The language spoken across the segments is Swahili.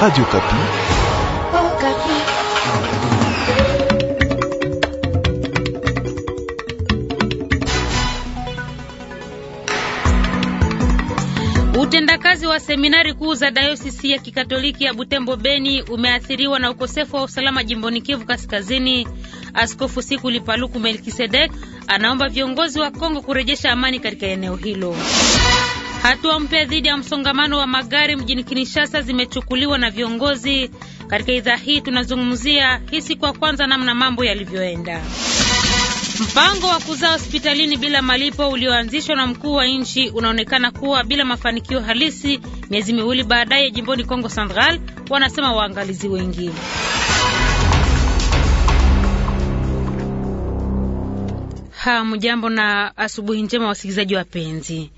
Radio Kapi. Oh, Kapi. Utendakazi wa seminari kuu za Dayosisi ya Kikatoliki ya Butembo Beni umeathiriwa na ukosefu wa usalama jimboni Kivu Kaskazini. Askofu Siku Lipaluku Melkisedek anaomba viongozi wa Kongo kurejesha amani katika eneo hilo. Hatua mpya dhidi ya msongamano wa magari mjini Kinshasa zimechukuliwa na viongozi. Katika idhaa hii tunazungumzia hii siku ya kwanza namna mambo yalivyoenda. Mpango wa kuzaa hospitalini bila malipo ulioanzishwa na mkuu wa nchi unaonekana kuwa bila mafanikio halisi, miezi miwili baadaye jimboni Kongo Central, wanasema waangalizi wengi. Hamjambo na asubuhi njema wasikilizaji wapenzi.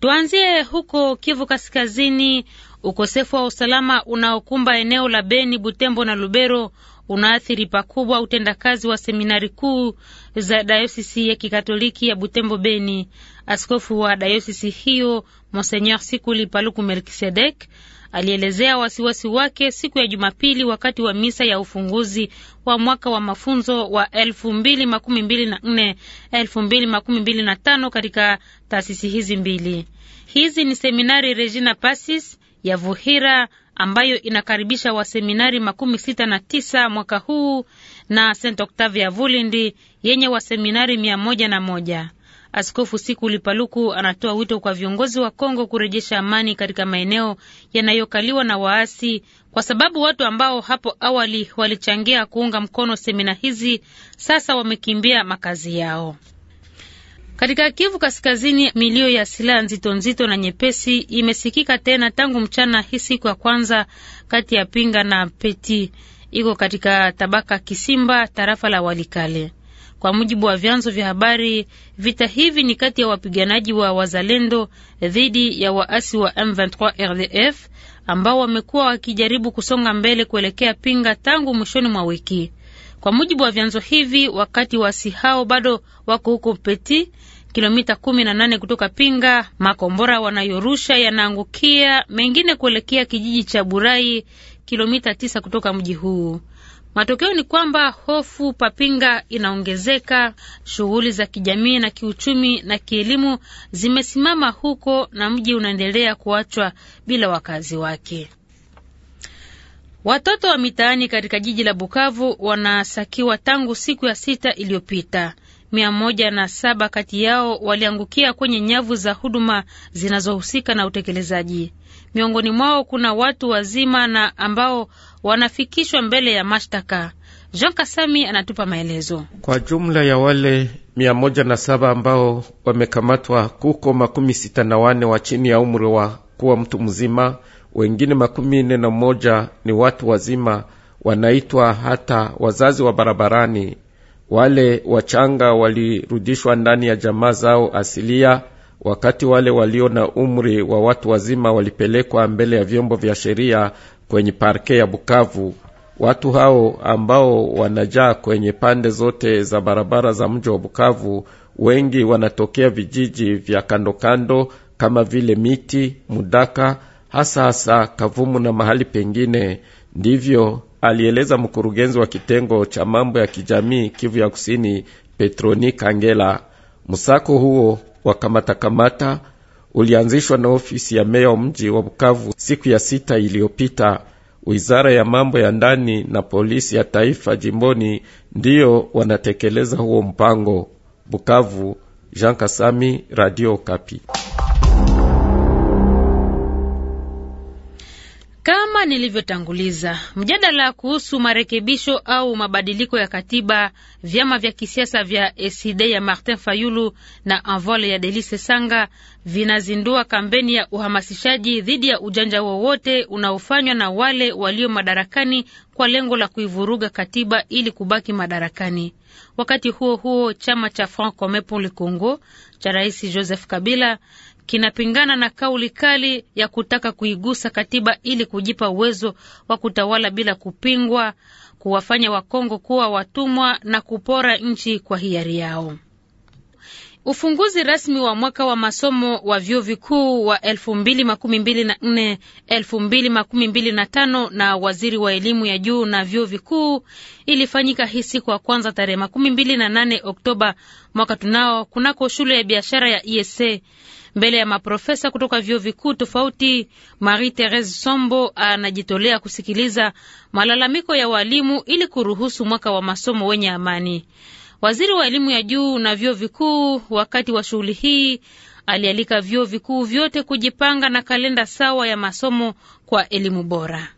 Tuanzie huko Kivu Kaskazini. Ukosefu wa usalama unaokumba eneo la Beni, Butembo na Lubero unaathiri pakubwa utendakazi wa seminari kuu za dayosisi ya kikatoliki ya Butembo Beni. Askofu wa dayosisi hiyo Monseigneur Sikuli Paluku Melkisedek alielezea wasiwasi wake siku ya Jumapili wakati wa misa ya ufunguzi wa mwaka wa mafunzo wa 2024 2025 katika taasisi hizi mbili. Hizi ni seminari Regina Passis ya Vuhira ambayo inakaribisha waseminari makumi sita na tisa mwaka huu na St Octavia Vulindi yenye waseminari mia moja na moja. Askofu Siku Lipaluku anatoa wito kwa viongozi wa Kongo kurejesha amani katika maeneo yanayokaliwa na waasi, kwa sababu watu ambao hapo awali walichangia kuunga mkono semina hizi sasa wamekimbia makazi yao. Katika Kivu Kaskazini, milio ya silaha nzito nzito na nyepesi imesikika tena tangu mchana hii siku ya kwanza kati ya Pinga na Peti, iko katika tabaka Kisimba, tarafa la Walikale. Kwa mujibu wa vyanzo vya habari, vita hivi ni kati ya wapiganaji wa wazalendo dhidi ya waasi wa M23 RDF ambao wamekuwa wakijaribu kusonga mbele kuelekea Pinga tangu mwishoni mwa wiki. Kwa mujibu wa vyanzo hivi, wakati waasi hao bado wako huko Peti, kilomita 18 kutoka Pinga, makombora wanayorusha yanaangukia mengine kuelekea kijiji cha Burai, kilomita 9 kutoka mji huu. Matokeo ni kwamba hofu papinga inaongezeka, shughuli za kijamii na kiuchumi na kielimu zimesimama huko na mji unaendelea kuachwa bila wakazi wake. Watoto wa mitaani katika jiji la Bukavu wanasakiwa tangu siku ya sita iliyopita mia moja na saba kati yao waliangukia kwenye nyavu za huduma zinazohusika na utekelezaji. Miongoni mwao kuna watu wazima na ambao wanafikishwa mbele ya mashtaka. Jean Kasami anatupa maelezo. Kwa jumla ya wale mia moja na saba ambao wamekamatwa, kuko makumi sita na wane wa chini ya umri wa kuwa mtu mzima, wengine makumi nne na moja ni watu wazima wanaitwa hata wazazi wa barabarani wale wachanga walirudishwa ndani ya jamaa zao asilia, wakati wale walio na umri wa watu wazima walipelekwa mbele ya vyombo vya sheria kwenye parke ya Bukavu. Watu hao ambao wanajaa kwenye pande zote za barabara za mji wa Bukavu, wengi wanatokea vijiji vya kandokando kama vile Miti, Mudaka, hasa hasa Kavumu na mahali pengine. Ndivyo alieleza mkurugenzi wa kitengo cha mambo ya kijamii Kivu ya Kusini, Petroni Kangela. Msako huo wa kamatakamata ulianzishwa na ofisi ya meya wa mji wa Bukavu siku ya sita iliyopita. Wizara ya mambo ya ndani na polisi ya taifa jimboni ndiyo wanatekeleza huo mpango. Bukavu, Jean Kasami, Radio Kapi. nilivyotanguliza, mjadala kuhusu marekebisho au mabadiliko ya katiba, vyama vya kisiasa vya esid ya Martin Fayulu na Envol ya Delice Sanga vinazindua kampeni ya uhamasishaji dhidi ya ujanja wowote unaofanywa na wale walio madarakani kwa lengo la kuivuruga katiba ili kubaki madarakani. Wakati huo huo, chama cha Franc Commun pour le Congo cha Rais Joseph Kabila kinapingana na kauli kali ya kutaka kuigusa katiba ili kujipa uwezo wa kutawala bila kupingwa, kuwafanya Wakongo kuwa watumwa na kupora nchi kwa hiari yao. Ufunguzi rasmi wa mwaka wa masomo wa vyuo vikuu wa 2024 2025 na waziri wa elimu ya juu na vyuo vikuu ilifanyika hii siku ya kwanza tarehe 28 Oktoba mwaka tunao kunako shule ya biashara ya ESA mbele ya maprofesa kutoka vyuo vikuu tofauti. Marie Therese Sombo anajitolea kusikiliza malalamiko ya walimu ili kuruhusu mwaka wa masomo wenye amani. Waziri wa elimu ya juu na vyuo vikuu, wakati wa shughuli hii, alialika vyuo vikuu vyote kujipanga na kalenda sawa ya masomo kwa elimu bora.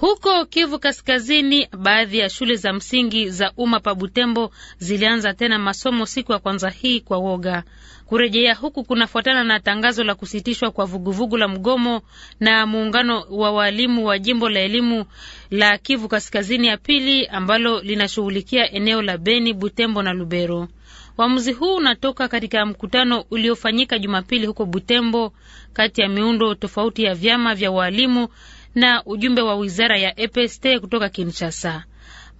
Huko Kivu Kaskazini, baadhi ya shule za msingi za umma pa Butembo zilianza tena masomo siku ya kwanza hii kwa woga. Kurejea huku kunafuatana na tangazo la kusitishwa kwa vuguvugu la mgomo na muungano wa waalimu wa jimbo la elimu la Kivu Kaskazini ya pili ambalo linashughulikia eneo la Beni, Butembo na Lubero. Uamuzi huu unatoka katika mkutano uliofanyika Jumapili huko Butembo kati ya miundo tofauti ya vyama vya waalimu na ujumbe wa wizara ya EPST kutoka Kinshasa.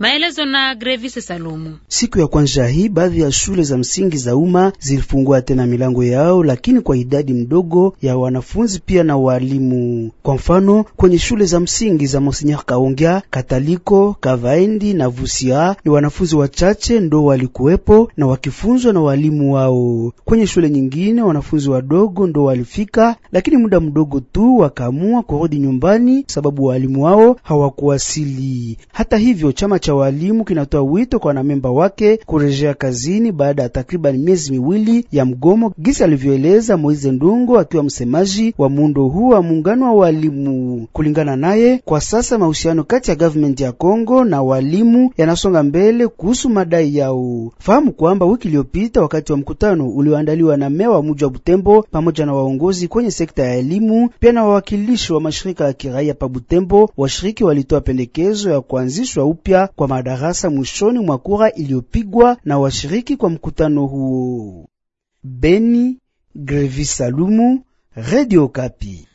Maelezo na Grevis Salumu. Siku ya kwanza hii baadhi ya shule za msingi za umma zilifungua tena milango yao, lakini kwa idadi mdogo ya wanafunzi pia na walimu. Kwa mfano, kwenye shule za msingi za Monsignor Kaongea, Kataliko, Kavaendi na Vusia ni wanafunzi wachache ndo walikuwepo na wakifunzwa na walimu wao. Kwenye shule nyingine wanafunzi wadogo ndo walifika, lakini muda mdogo tu wakaamua kurudi nyumbani sababu walimu wao hawakuwasili. Hata hivyo chama cha walimu kinatoa wito kwa wanamemba wake kurejea kazini baada ya takriban miezi miwili ya mgomo, gisi alivyoeleza Moize Ndungo akiwa msemaji wa muundo huu wa muungano wa walimu. Kulingana naye, kwa sasa mahusiano kati ya government ya Kongo na walimu yanasonga mbele kuhusu madai yao. Fahamu kwamba wiki iliyopita wakati wa mkutano ulioandaliwa na meya wa mji wa Butembo pamoja na waongozi kwenye sekta ya elimu pia na wawakilishi wa mashirika ya kiraia pa Butembo, washiriki walitoa pendekezo ya kuanzishwa upya kwa madarasa mwishoni mwa kura iliyopigwa na washiriki kwa mkutano huo. Beni, Grevi Salumu, Radio Kapi.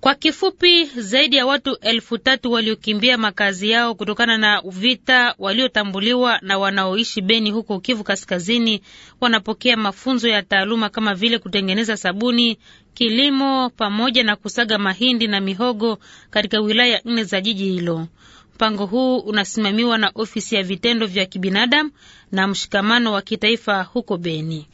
Kwa kifupi, zaidi ya watu elfu tatu waliokimbia makazi yao kutokana na vita waliotambuliwa na wanaoishi Beni huko Kivu Kaskazini wanapokea mafunzo ya taaluma kama vile kutengeneza sabuni, kilimo pamoja na kusaga mahindi na mihogo katika wilaya nne za jiji hilo. Mpango huu unasimamiwa na ofisi ya vitendo vya kibinadamu na mshikamano wa kitaifa huko Beni.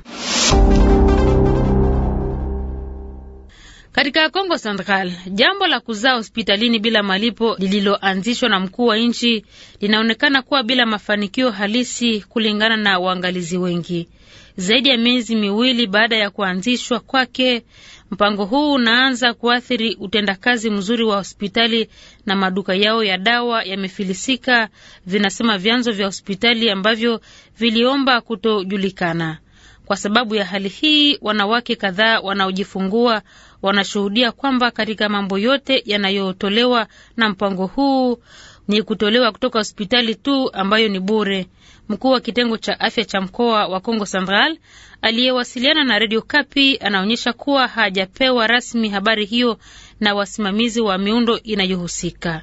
Katika Kongo Central, jambo la kuzaa hospitalini bila malipo lililoanzishwa na mkuu wa nchi linaonekana kuwa bila mafanikio halisi kulingana na waangalizi wengi. Zaidi ya miezi miwili baada ya kuanzishwa kwake, mpango huu unaanza kuathiri utendakazi mzuri wa hospitali na maduka yao ya dawa yamefilisika, vinasema vyanzo vya hospitali ambavyo viliomba kutojulikana. Kwa sababu ya hali hii, wanawake kadhaa wanaojifungua wanashuhudia kwamba katika mambo yote yanayotolewa na mpango huu ni kutolewa kutoka hospitali tu ambayo ni bure. Mkuu wa kitengo cha afya cha mkoa wa congo Central aliyewasiliana na Radio Kapi anaonyesha kuwa hajapewa rasmi habari hiyo na wasimamizi wa miundo inayohusika.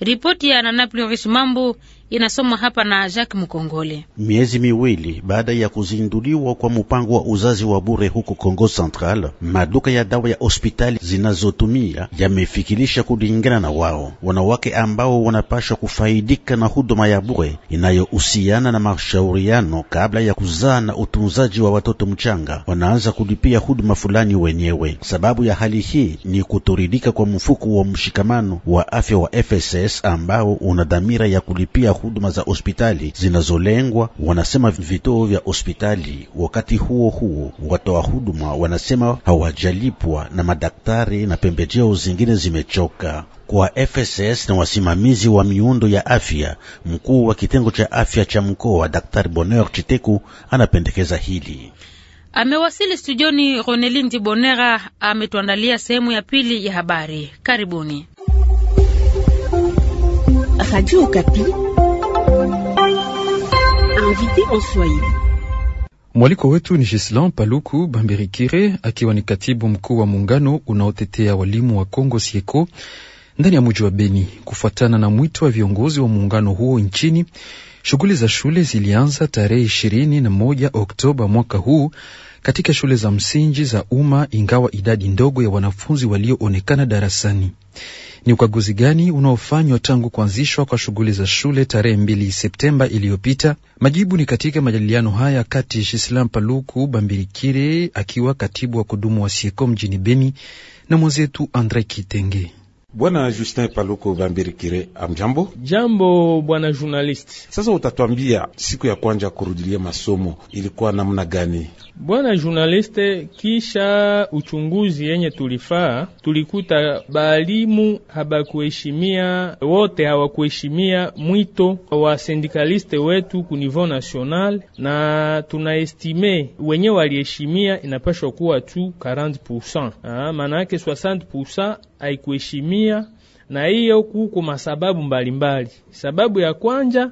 Ripoti ya Nanapli Mambo inasomwa hapa na Jacques Mukongole. Miezi miwili baada ya kuzinduliwa kwa mpango wa uzazi wa bure huko Kongo Central, maduka ya dawa ya hospitali zinazotumia yamefikirisha, kulingana na wao, wanawake ambao wanapashwa kufaidika na huduma ya bure inayohusiana na mashauriano kabla ya kuzaa na utunzaji wa watoto mchanga, wanaanza kulipia huduma fulani wenyewe. Sababu ya hali hii ni kutoridika kwa mfuko wa mshikamano wa afya wa FSS ambao una dhamira ya kulipia huduma za hospitali zinazolengwa, wanasema vituo vya hospitali. Wakati huo huo, watoa huduma wanasema hawajalipwa na madaktari na pembejeo zingine zimechoka. Kwa FSS na wasimamizi wa miundo ya afya, mkuu wa kitengo cha afya cha mkoa Daktari Bonheur Chiteku anapendekeza hili. Amewasili studioni. Ronelindi Bonera ametuandalia sehemu ya pili ya habari. Karibuni Radio Kapi. Invité en Swahili. Mwaliko wetu ni Gislan Paluku Bamberikire akiwa ni katibu mkuu wa muungano unaotetea walimu wa Kongo Sieko ndani ya mji wa Beni. Kufuatana na mwito wa viongozi wa muungano huo nchini, shughuli za shule zilianza tarehe ishirini na moja Oktoba mwaka huu katika shule za msingi za umma, ingawa idadi ndogo ya wanafunzi walioonekana darasani. Ni ukaguzi gani unaofanywa tangu kuanzishwa kwa shughuli za shule tarehe mbili Septemba iliyopita? Majibu ni katika majadiliano haya kati Shislam Paluku Bambirikire akiwa katibu wa kudumu wa Sieko mjini Beni na mwenzetu Andre Kitenge. Bwana Justin Paluku Bambirikire, amjambo. Jambo bwana journalist. Sasa utatuambia siku ya kwanja kurudilia masomo ilikuwa namna gani? Bwana journaliste, kisha uchunguzi yenye tulifaa, tulikuta baalimu habakuheshimia, wote hawakuheshimia mwito wa sindikaliste wetu ku niveau national, na tunaestime wenye waliheshimia inapashwa kuwa tu 40%, ah, maana yake 60% haikuheshimia na hiyo kuko masababu mbalimbali. Sababu ya kwanja,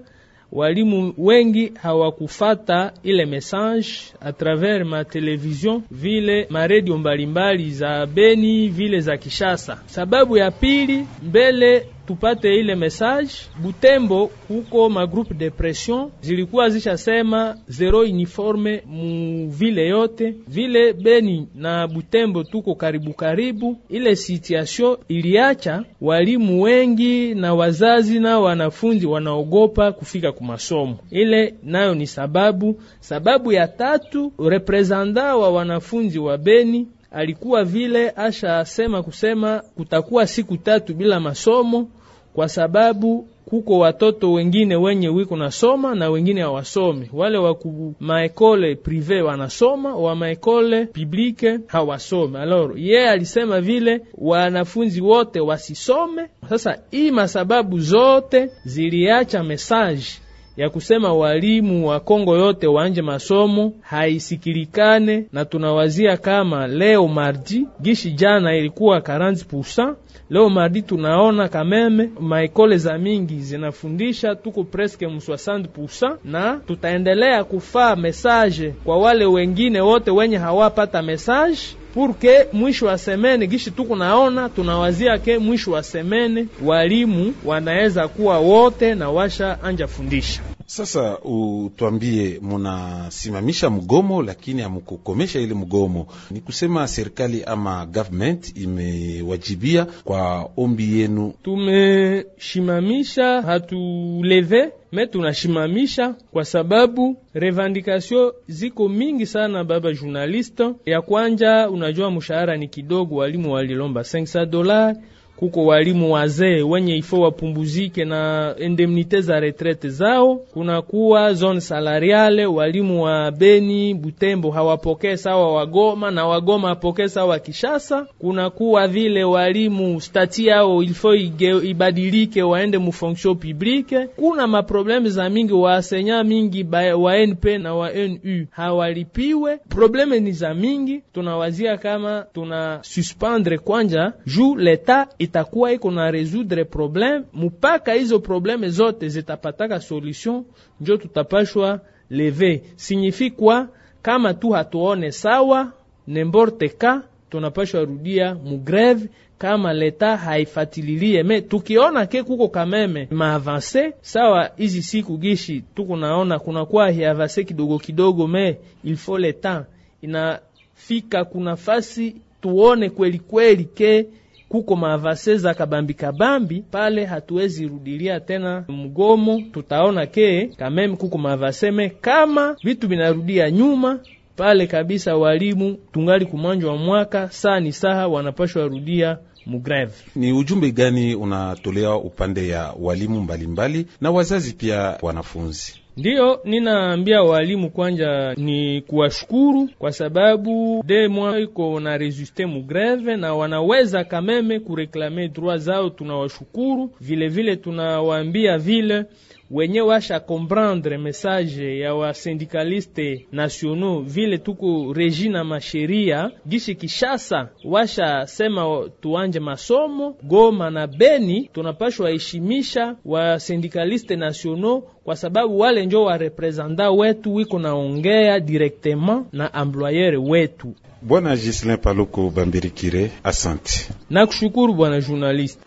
walimu wengi hawakufata ile message a travers ma television vile ma radio mbalimbali za Beni vile za Kishasa. Sababu ya pili, mbele tupate ile message. Butembo huko groupe de pression zilikuwa zishasema zero uniforme mu vile yote vile Beni na Butembo tuko karibu karibu. Ile situation iliacha walimu wengi na wazazi na wanafunzi wanaogopa kufika ku masomo Ile nayo ni sababu. Sababu ya tatu, representa wa wanafunzi wa Beni alikuwa vile asha sema kusema kutakuwa siku tatu bila masomo kwa sababu kuko watoto wengine wenye wiko nasoma na wengine hawasomi. Wale wa ku maekole prive wanasoma, wa maekole publike hawasome. Alors ye alisema vile wanafunzi wote wasisome. Sasa hii masababu zote ziliacha mesaji ya kusema walimu wa Kongo yote wanje masomo haisikilikane, na tunawazia kama leo mardi gishi jana ilikuwa 40% Leo mardi tunaona kameme maekole za mingi zinafundisha, tuko preske mu 60%, na tutaendelea kufaa mesaje kwa wale wengine wote wenye hawapata mesaje purke mwisho wa semene gishi tuku naona tunawazia ke mwisho wa semene walimu wanaweza kuwa wote na washa anja fundisha. Sasa utwambie, munasimamisha mgomo lakini hamukukomesha ile mgomo. Ni kusema serikali ama government imewajibia kwa ombi yenu. Tumeshimamisha, hatuleve me tunashimamisha kwa sababu revendikasio ziko mingi sana, baba journaliste. Ya kwanja, unajua mshahara ni kidogo, walimu walilomba 500 dola kuko walimu wazee wenye ifo wapumbuzike na indemnite za retrete zao. Kunakuwa zone salariale, walimu wa Beni, Butembo hawapokee sawa Wagoma na Wagoma apokee sawa Kishasa. Kunakuwa vile walimu stati yao ilifo ibadilike, waende mu fonction publique. Kuna maprobleme za mingi, waasenya mingi ba, wa NP na wa NU hawalipiwe. Probleme ni za mingi, tunawazia kama tuna suspendre kwanja ju leta itakuwa iko na resoudre problème mupaka hizo probleme zote zitapataka solution, njo tutapashwa leve. Signifie kwa kama tu hatuone sawa nemborte ka tunapashwa rudia mugreve kama leta haifatililie me tukiona ke kuko kameme maavanse sawa. Hizi siku gishi tukunaona kunakuwa hiavanse kidogo kidogo, me il faut le leta inafika kuna fasi tuone kweli kweli ke kuko mavase za kabambi kabambi pale, hatuwezi rudilia tena mgomo. Tutaona ke kameme kuko mavaseme kama vitu vinarudia nyuma pale kabisa, walimu tungali wa mwaka saa ni saha wanapashwa rudia mugreve. Ni ujumbe gani unatolea upande ya walimu mbalimbali mbali, na wazazi pia wanafunzi? Ndiyo ninaambia walimu kwanja ni kuwashukuru kwa sababu de iko na resiste mu greve na wanaweza kameme kureklame droit zao. Tunawashukuru vilevile, tunawaambia vile wenye washa comprendre message ya wasindikaliste nationaux vile tuko reji na masheria gishi Kishasa, washa sema tuanje masomo Goma na Beni, tunapashwa waheshimisha wasindikaliste nationaux kwa sababu wale njo warepresenta wetu wiko naongea directement na employeur wetu. Bwana Gislin Paluku Bambirikire, asante na kushukuru bwana journaliste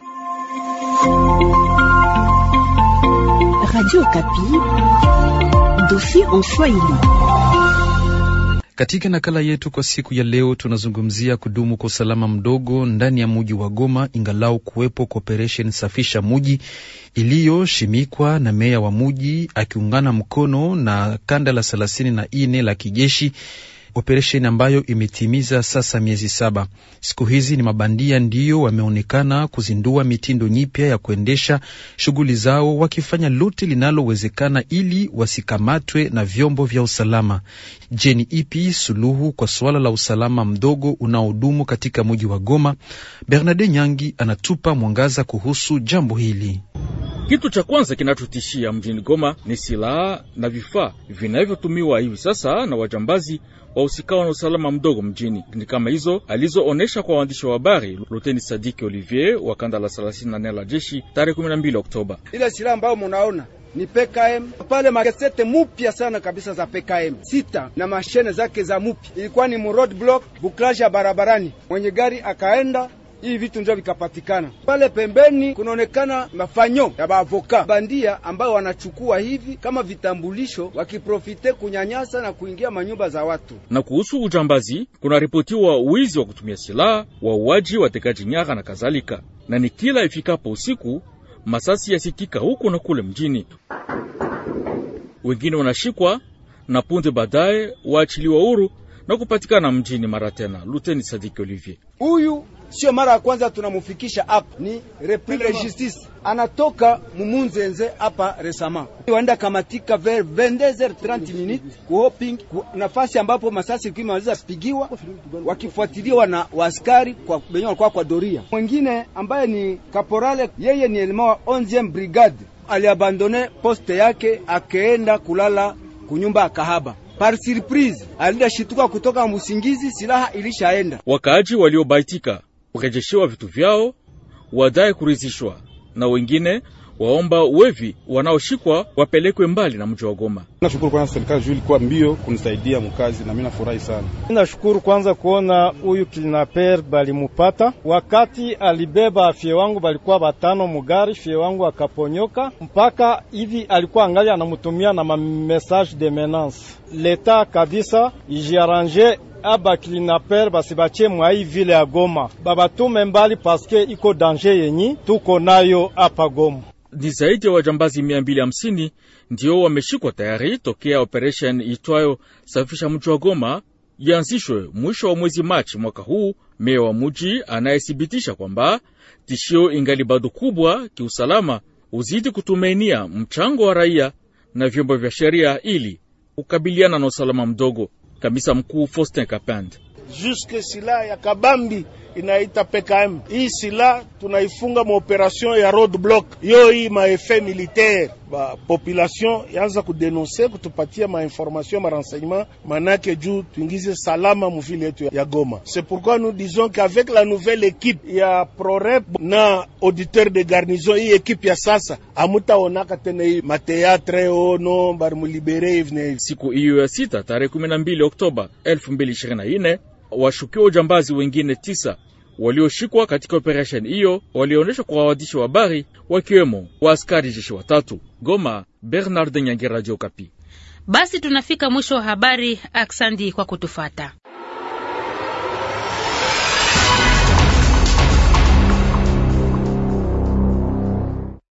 Radio Kapi, dossier en Swahili. Katika nakala yetu kwa siku ya leo tunazungumzia kudumu kwa usalama mdogo ndani ya muji wa Goma, ingalau kuwepo kwa safisha muji iliyoshimikwa na meya wa muji akiungana mkono na kanda la thelathini na nne la kijeshi operesheni ambayo imetimiza sasa miezi saba. Siku hizi ni mabandia ndiyo wameonekana kuzindua mitindo nyipya ya kuendesha shughuli zao, wakifanya lote linalowezekana ili wasikamatwe na vyombo vya usalama. Je, ni ipi suluhu kwa suala la usalama mdogo unaodumu katika mji wa Goma? Bernarde Nyangi anatupa mwangaza kuhusu jambo hili. Kitu cha kwanza kinachotishia mjini Goma ni silaha na vifaa vinavyotumiwa hivi sasa na wajambazi wahusikao na usalama mdogo mjini. Ni kama hizo alizoonyesha kwa waandishi wa habari Luteni Sadiki Olivier wa kanda la 34 la jeshi tarehe 12 Oktoba. Ile silaha ambayo munaona ni PKM pale makesete mupya sana kabisa za PKM sita na mashene zake za mupya. Ilikuwa ni mu road block buklaja barabarani, mwenye gari akaenda hii vitu njo vikapatikana pale pembeni. Kunaonekana mafanyo ya baavoka bandia ambayo wanachukua hivi kama vitambulisho, wakiprofite kunyanyasa na kuingia manyumba za watu. Na kuhusu ujambazi, kunaripotiwa wizi wa kutumia silaha, wauaji, watekaji nyara na kadhalika, na ni kila ifikapo usiku masasi yasikika huko na kule mjini, wengine wanashikwa na punde baadaye waachiliwa huru na kupatikana mjini mara tena. Luteni Sadiki Olivier huyu sio mara ya kwanza tunamufikisha hapa, ni Republique de Justice anatoka mumunzenze hapa resama waenda kamatika ver 22h30 minutes ku hoping ku nafasi ambapo masasi ilikuwa waliza pigiwa, wakifuatiliwa na waskari kwa benye walikuwa kwa doria. Mwingine ambaye ni kaporale, yeye ni elema wa 11e brigade, aliabandone poste yake akaenda kulala kunyumba ya kahaba. Par surprise alidashituka kutoka musingizi, silaha ilishaenda. Wakaaji waliobaitika wakajeshewa vitu vyao, wadai kurizishwa, na wengine waomba wevi wanaoshikwa wapelekwe mbali na mji wa Goma. Nashukuru kwanza serikali juu ilikuwa mbio kunisaidia mkazi, na mimi nafurahi sana. Nashukuru kwanza kuona huyu kidnapper balimupata wakati alibeba afye wangu, balikuwa batano mugari, fye wangu akaponyoka, mpaka hivi alikuwa angali anamutumia na mamesaje de menace leta kabisa ijiaranje abakilinaper basibache mwai vile ya Goma babatume mbali, paske iko danje yenyi tuko nayo apa Goma. Ni zaidi ya wajambazi mia mbili hamsini ndio wameshikwa tayari tokea operation itwayo safisha mji wa Goma yanzishwe mwisho wa mwezi Machi mwaka huu. Meya wa muji anayethibitisha kwamba tishio ingali bado kubwa kiusalama, uzidi kutumainia mchango wa raia na vyombo vya sheria ili kukabiliana na usalama mdogo. Kamisa mkuu Faustin Kapande juske silaha ya kabambi inaita PKM. Hii silaha tunaifunga maoperation ya road block, yo hii maefe militaire bapopulation yaanza kudenonse kutupatia mainformation ma renseignement manake juu tuingize salama muvile yetu ya Goma. C'est pourquoi nous disons qu'avec la nouvelle équipe ya PROREP na auditeur de garnison, hii ekipe ya sasa amutaonaka tena hii mateatre oh ono barimulibere ivne. Siku hiyo ya sita tarehe 12 Oktoba 2024 washukiwa ujambazi wengine tisa walioshikwa katika operesheni hiyo walionyeshwa kwa waandishi wa habari wakiwemo waaskari jeshi watatu. Goma, Bernard Nyangira, Radio Okapi. Basi tunafika mwisho wa habari. Aksandi kwa kutufata.